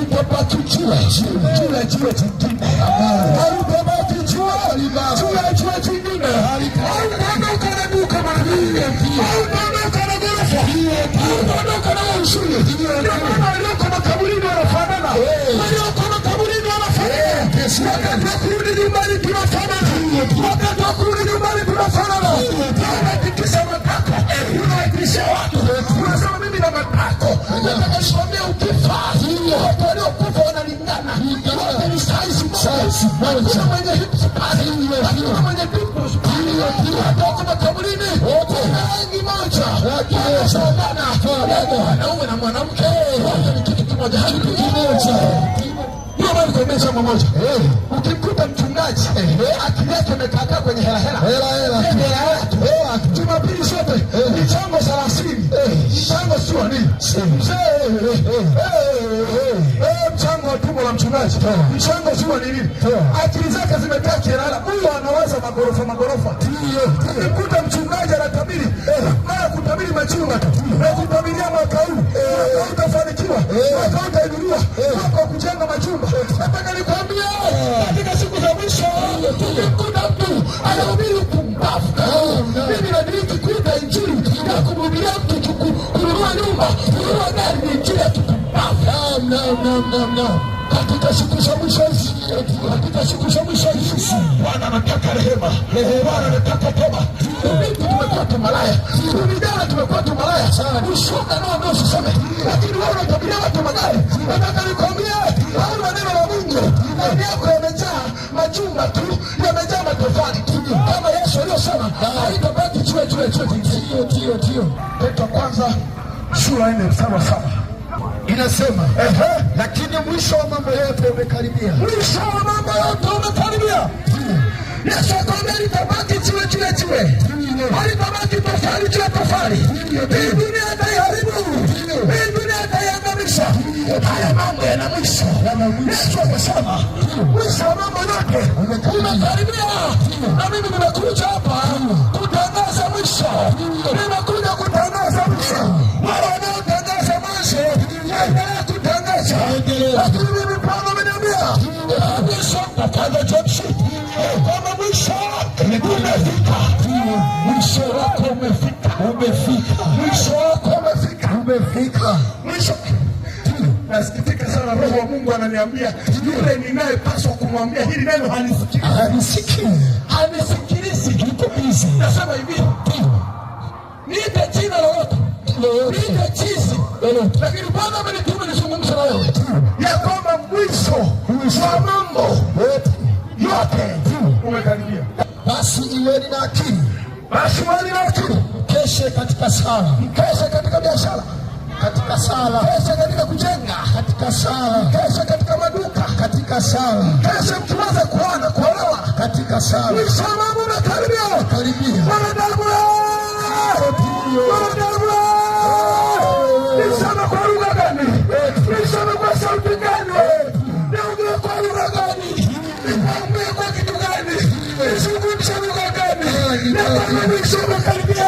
halitobaki jiwe, kila jiwe jingine halitobaki jiwe, kila jiwe jingine halitaondoka na duka mahali, halitaondoka na ghorofa, halitaondoka na shule, walioko makaburini wanafanana, walioko makaburini wanafanana, wakati wa kurudi nyumbani tunafanana, wakati wa kurudi nyumbani tunafanana, unatikisa matako, unawaitisha watu, unasema mimi na matako, nataka niwaambie ukweli kimoja aliyotiwa kaburini rangi moja, wanaume na mwanamke ni kitu kimoja, kitu kimoja kuonyesha mmoja. Ukimkuta mchungaji akili yake imekaakaa kwenye helahela Eh, mchango tumbo la mchungaji, mchango sio ni nini? Akili zake zimekaa kirara. Mungu anawaza magorofa magorofa. Nikuta mchungaji anatabiri mara eh. kutabiri machunga na kutabilia eh. mwaka huu utafanikiwa, mwaka huu utainuliwa, mwaka wa kujenga majumba. Nataka nikwambie katika siku za mwisho tukikuta mtu anahubiri upumbavu, mimi nadiriki kuita injili na kumhubiria mtu mali, nyumba, kununua gari ni njia Katika siku za mwisho hizi, katika siku za mwisho hizi, Bwana anataka rehema, Bwana anataka toba. Vipi tumekuwa tu malaya, vijana tumekuwa tu malaya, ushoga nao ndio usiseme, lakini wewe unatabiria watu magari, nataka nikwambie Maeneo yako yamejaa majumba tu, yamejaa matofali tu, kama Yesu aliyosema haitabaki chue chue chue. Ndio, ndio, ndio. Petro kwanza sura nne mstari wa saba inasema ehe, lakini mwisho wa mambo yote umekaribia, mwisho wa mambo yote umekaribia. Yesu akamwambia itabaki chue chue chue halitabaki tofali juu ya tofali. Hii dunia ataiharibu, hii dunia ataiangamisha. Haya mambo yana mwisho. Yesu amesema mwisho wa mambo yote umekaribia, na mimi nimekuja hapa kutangaza mwisho. Nimekuja kutangaza mwisho, wala wanaotangaza mwisho waendelea kutangaza, lakini mimi Bwana ameniambia mwisho utaanza James umefika, mwisho wako umefika, umefika mwisho. Nasikitika sana, roho wa Mungu ananiambia yule ninayepaswa kumwambia hili neno hanisikii, hanisikii, hanisikilizi, yuko bizi. Nasema hivi, niite jina lolote, niite chizi lolote, lakini Bwana amenituma nizungumze na wewe ya kwamba mwisho wa mambo yote umekaribia. Basi iweni na akili, basi iweni na akili. Mkeshe katika sala, mkeshe katika biashara, katika sala, mkeshe katika kujenga, katika sala, mkeshe katika maduka, katika sala, mkeshe mkiwaza kuana kuolewa, katika sala. Mwisho wa mambo unakaribia, karibia mwanadamu mwisho umekaribia,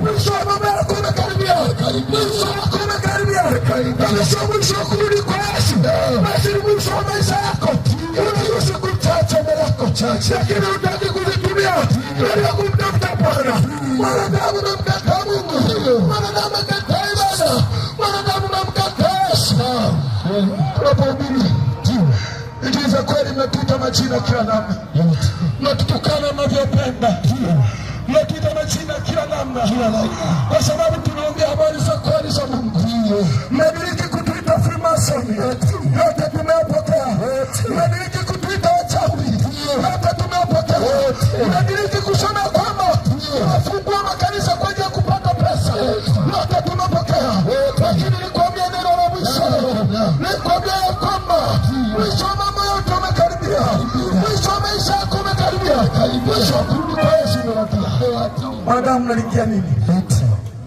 mwisho wa mambo yako umekaribia, mwisho wako umekaribia, mwisho mwisho kurudi kwa Yesu, basi ni mwisho wa maisha yako. Una siku chache mbele yako, lakini utaki kuzitumia katika kumtafuta Bwana. Mwanadamu namkataa Mungu, mwanadamu namkataa ibada, mwanadamu namkataa Yesu. Unapohubiri ingiza kweli, mnatuita majina kila namna, mnatutukana mnavyopenda mahala, kwa sababu tunaongea habari za kweli za Mungu. Mnadiriki kutuita Freemason Wanadamu mnalingia nini?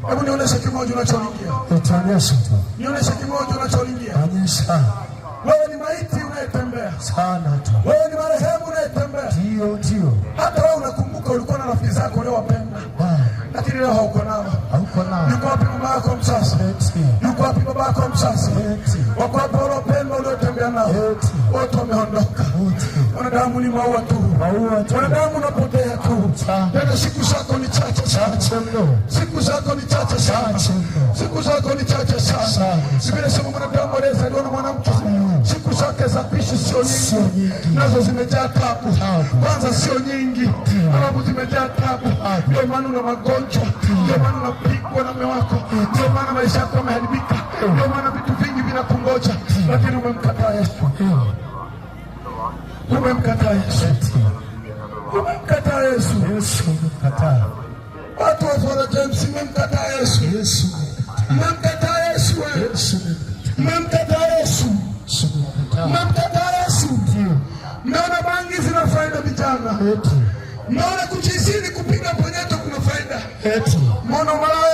Hebu nionyeshe kimoja unacholingia. Nitaonyesha tu. Nionyeshe kimoja unacholingia. Onyesha. Wewe ni maiti unayetembea. Sana tu. Wewe ni marehemu unayetembea. Ndio, ndio. Hata wewe unakumbuka ulikuwa na rafiki zako leo wapenda. Lakini leo hauko nao. Hauko nao. Yuko wapi mama yako mzazi? Yuko wapi baba yako mzazi? Wako wapi wale wapendwa vijana wote wameondoka, wanadamu ni maua tu, wanadamu unapotea tu. Tena yaani siku zako ni chache sana, siku zako ni chache sana, siku zako ni chache sana. Biblia inasema mwanadamu anaweza aliona mwanamke, siku zake za pishi sio nyingi, nazo zimejaa tabu. Kwanza sio nyingi, alafu zimejaa tabu. Ndio maana una magonjwa, ndio maana unapigwa na mume wako, ndio maana maisha yako yameharibika, ndio maana vitu bila kungoja, lakini umemkataa Yesu, umemkataa Yesu, umemkataa Yesu. Watu wa Fora James, mmemkataa Yesu, mmemkataa Yesu, mmemkataa Yesu, mmemkataa Yesu. Naona bangi zina faida vijana, naona kuchizini kupiga ponyeto kuna faida, naona malaya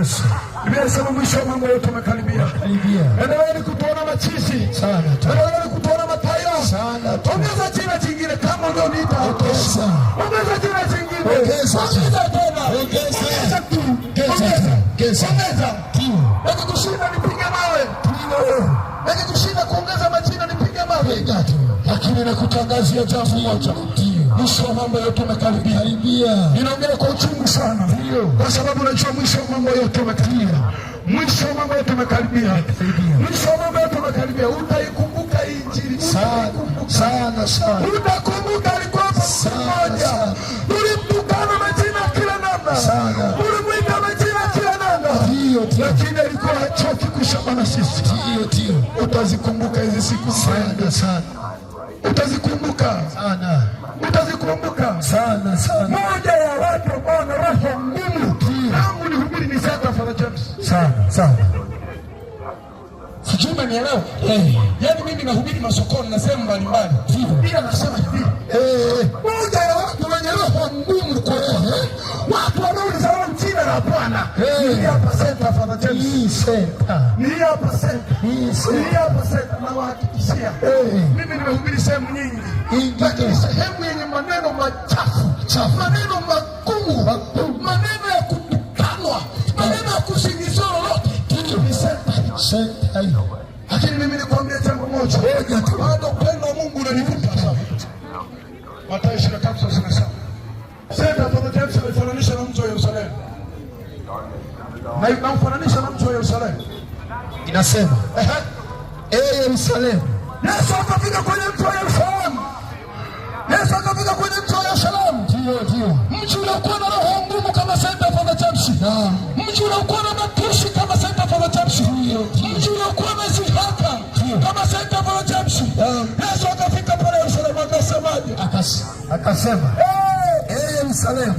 Yesu. Biblia inasema mwisho wa mambo yote umekaribia. Endeleeni kutuona machizi sana. Endeleeni kutuona mataira sana. Ongeza jina jingine kama ulioniita. Ongeza. Ongeza jina jingine. Ongeza. Ongeza tena. Ongeza. Ongeza tu. Ongeza. Ongeza. Ongeza. Nikikushinda nipige mawe. Nikikushinda kuongeza majina nipige mawe. Lakini nakutangazia jambo moja. Ndio mwisho wa mambo yote umekaribia. Ninaongea kwa uchungu sana, kwa sababu najua mwisho wa mambo yote umekaribia. Mwisho wa mambo yote umekaribia. Mwisho wa mambo yote umekaribia. Utaikumbuka Injili sana sana sana, utakumbuka alikuwa mmoja, ulimtukana majina kila namna, ulimwita majina kila namna, lakini alikuwa hachoki kushamana sisi. Utazikumbuka hizi siku sana sana. sana sana. Moja ya watu ambao wana roho ngumu tangu nihubiri ni Santa Father James sana sana, sijui umenielewa. Yaani mimi nahubiri masokoni na sehemu mbalimbali, bila na Hii senta ah. nawahakikishia, mimi nimehubiri sehemu nyingi, lakini sehemu yenye maneno machafu, maneno magumu na ikamfananisha na mtu wa Yerusalemu. Inasema ee Yerusalemu, Yesu akafika kwenye mtu wa Yerusalemu, Yesu akafika kwenye mtu wa Yerusalemu. Ndio, ndio mji unakuwa na roho ngumu kama Center for the Church, mji unakuwa na matusi kama Center for the Church, mji unakuwa na zihaka kama Center for the Church. Yesu akafika pale Yerusalemu akasemaje? Akasema, ee Yerusalemu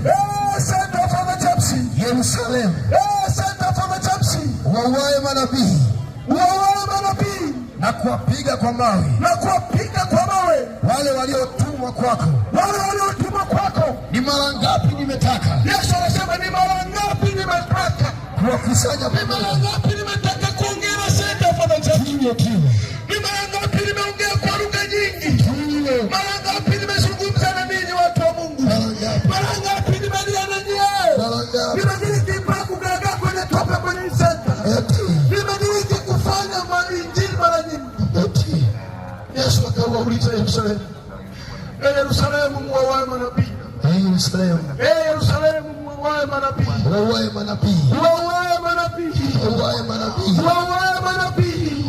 Yerusalemu. Ee Wawae manabii na kuwapiga kwa mawe wale waliotumwa kwako. Wale waliotumwa kwako. Ni mara ngapi nimetaka? Yesu anasema ni mara ngapi nimetaka kuwakusanya pamoja. Ni mara ngapi nimetaka kuongea sasa kwa maneno. Ni mara ngapi nimeongea kwa lugha nyingi. Mara ngapi Yesu akawauliza Yerusalemu, ee Yerusalemu, muwawae manabii, ee Yerusalemu, ee Yerusalemu, muwawae manabii, muwawae manabii, muwawae manabii, muwawae manabii, muwawae manabii.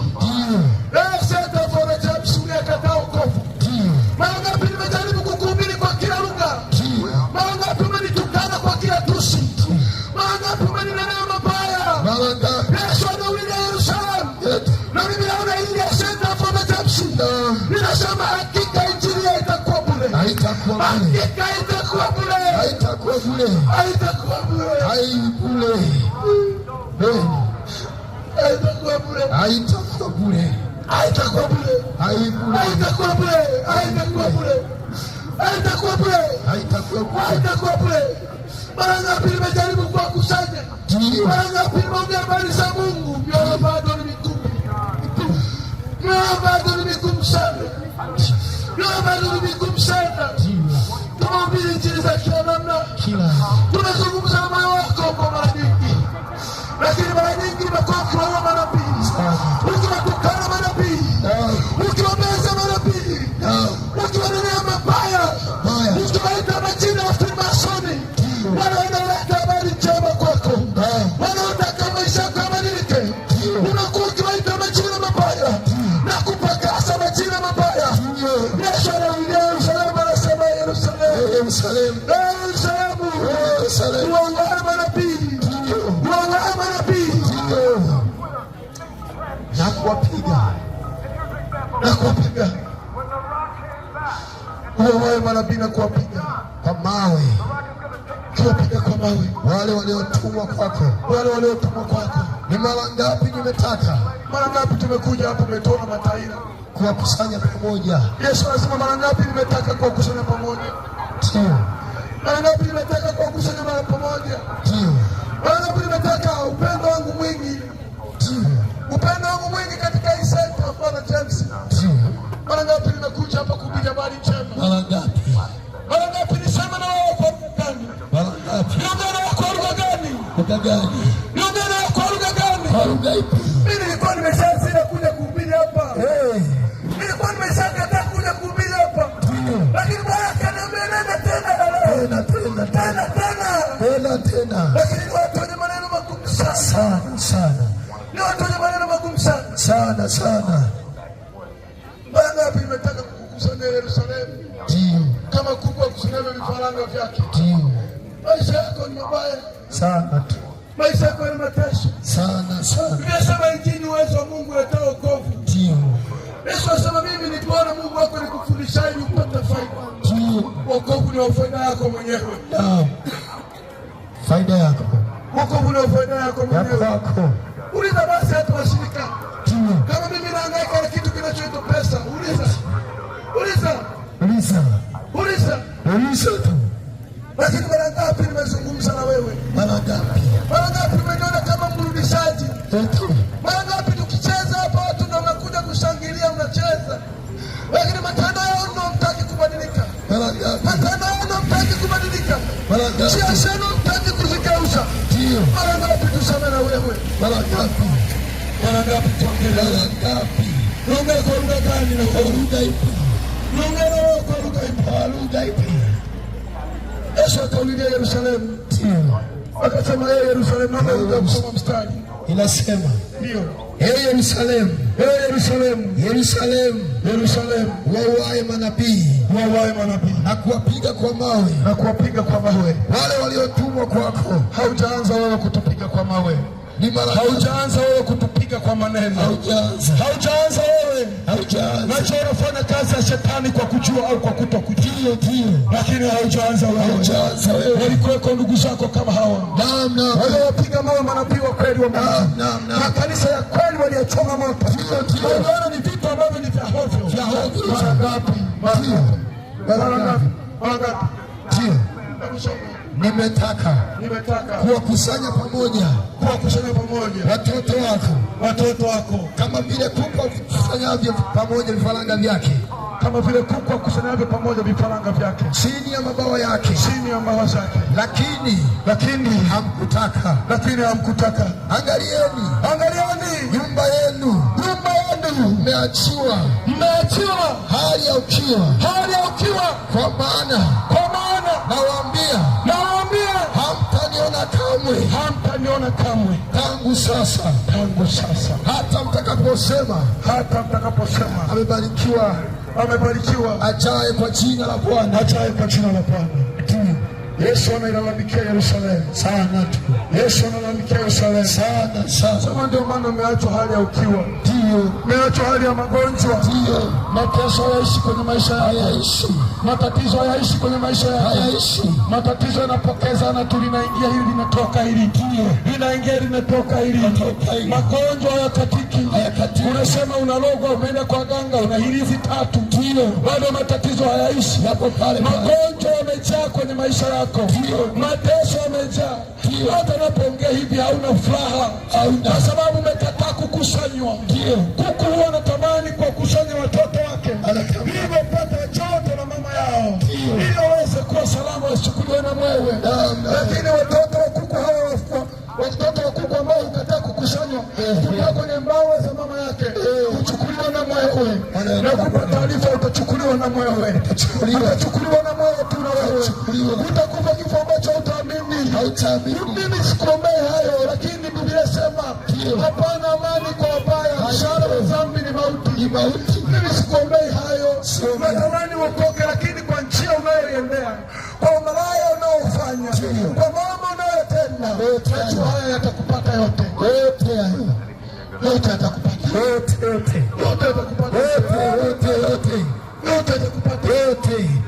Ndio leo sasa tafora James umekataa wokovu. Ndio mara ngapi nimejaribu kukuhubiri kwa kila lugha? Ndio mara ngapi umenitukana kwa kila tusi? Mara ngapi umeninenea mabaya? Mara ngapi Yesu anauliza Yerusalemu, na mimi naona hili asema Ninasema hakika injili haitakuwa bure, hakika haitakuwa bure, haitakuwa bure, haitakuwa bure, haitakuwa bure, haitakuwa bure, haitakuwa bure, haitakuwa bure, haitakuwa bure, haitakuwa bure, haitakuwa bure. Mara ngapi nimejaribu kuwakusanya, mara ngapi nimeongea habari za Mungu, bado ni migumu. Bingum Center. Global Bingum Center. Tumahubiri injili za kila namna, tumezungumza na wako mara nyingi, lakini mara nyingi imekuwa tunaona mara mbili, wengine tukana na kuwapiga kwa mawe, kuwapiga kwa mawe wale waliotumwa kwako, wale waliotumwa kwako. Ni mara ngapi nimetaka, mara ngapi tumekuja hapa, umetoa matairi kuwakusanya pamoja. Yesu anasema mara ngapi nimetaka kuwakusanya pamoja, ndio mara ngapi nimetaka kuwakusanya mara pamoja, ndio mara ngapi nimetaka upendo wangu mwingi, ndio upendo wangu mwingi katika Isaya kwa Bwana James, ndio mara ngapi nimekuja hapa kuhubiri habari njema, mara ngapi lugha gani? Maneno kwa lugha gani? Kwa lugha ipi? Mimi nilikuwa nimeshasira kuja kuhubiri hapa. Eh. Nilikuwa nimeshakataa kuja kuhubiri hapa. Lakini Bwana akaniambia nenda tena. Tena tena tena tena. Tena tena. Lakini ni watu wenye maneno magumu sana. Sana sana. Ni watu wenye maneno magumu sana. Sana sana. Bwana hapa imetaka kukusanya Yerusalemu. Ndio. Kama kubwa kusimama vifaranga vyake. Ndio. Maisha yako ni mabaya sana tu. Maisha yako ni mateso sana sana. Biblia sema injini uwezo wa Mungu uletao wokovu. Ndio. Yesu asema mimi ni Bwana Mungu wako nikufundishaye upate faida. Ndio. Wokovu ni faida yako mwenyewe. Naam. Faida yako. Wokovu ni faida yako mwenyewe. Yako. Uliza basi hata washirika. Ndio. Kama mimi naangaika na kitu kinachoitwa pesa, uliza. Uliza. Uliza. Uliza. Uliza tu. Lakini mara ngapi nimezungumza na wewe? Mara ngapi? Mara Yesu akaulilia Yerusalemu Akasema ee Yerusalemu, utasoma mstari inasema ndio, ee Yerusalemu, ee Yerusalemu, Yerusalemu, Yerusalemu, wauaye manabii, wauaye manabii na kuwapiga kwa mawe, na kuwapiga kwa mawe wale waliotumwa kwako, hautaanza wewe kutupiga kwa mawe Haujaanza wewe kutupiga kwa maneno, haujaanza haujaanza wewe haujaanza nacho. Unafanya kazi ya shetani kwa kujua au kwa kutokujua, lakini haujaanza wewe. haujaanza wewe. Walikuweko ndugu zako kama hawa naam naam, wale wapiga mawe manabii wa kweli wa Mungu, naam naam, na kanisa ya kweli waliachoma moto. Unaona ni vitu ambavyo ni vya hovyo. Mara ngapi? Mara Mara ngapi? ngapi? nimetaka nimetaka kuwakusanya pamoja kuwakusanya pamoja watoto wako watoto wako kama vile kuku akusanyavyo pamoja vifaranga vyake kama vile kuku akusanyavyo pamoja vifaranga vyake chini ya mabawa yake chini ya mabawa zake, lakini lakini hamkutaka lakini hamkutaka. Angalieni angalieni, nyumba yenu nyumba yenu mmeachiwa mmeachiwa hali ya ukiwa hali ya ukiwa, kwa maana kwa maana nawaambia sasa kamwe hamtaniona kamwe, tangu sasa, tangu sasa, hata mtakaposema, hata mtakaposema, amebarikiwa, amebarikiwa ajaye kwa jina la Bwana, ajaye kwa jina la Bwana. Yesu anailalamikia Yerusalemu sana tu. Yesu analalamikia Yerusalemu sana sana. Sasa ndio maana umeachwa hali ya ukiwa, ndio umeachwa hali ya magonjwa, ndio mateso yaishi kwenye maisha ya Yesu. Matatizo hayaishi kwenye maisha yako, hayaishi. Matatizo yanapokeza na tu linaingia hili linatoka hili, ndio linaingia linatoka hili, magonjwa hayakatiki, hayakatiki. Unasema unalogwa, umeenda kwa ganga, una hirizi tatu, ndio bado matatizo hayaishi, yapo pale. Magonjwa yamejaa kwenye maisha yako, ndio mateso yamejaa. Hata unapoongea hivi hauna furaha, kwa sababu umekataa kukusanywa. Ndio kuku huwa anatamani kuwakusanya watoto wake, anatamani ili waweze kuwa salama wasichukuliwe na mwewe. Lakini watoto wa hawa, watoto wa ambao hukataa kukusanywa kutoka kwenye mbawa za mama yake, kuchukuliwa na mwewe. Nakupa taarifa, utachukuliwa na mwewe, utachukuliwa na mwewe tu, na wewe utakufa kifo ambacho hautaamini. Mimi sikuombee hayo, lakini Biblia sema hapana amani kwa wabaya, mshahara wa dhambi ni mauti. Mimi sikuombei hayo, natamani wokoke lakini unayoiendea, kwa umalaya unaofanya, kwa mama unayotenda, najua haya yatakupata yote, yote yote yatakupata yote yote yote yote yote yote yatakupata yote.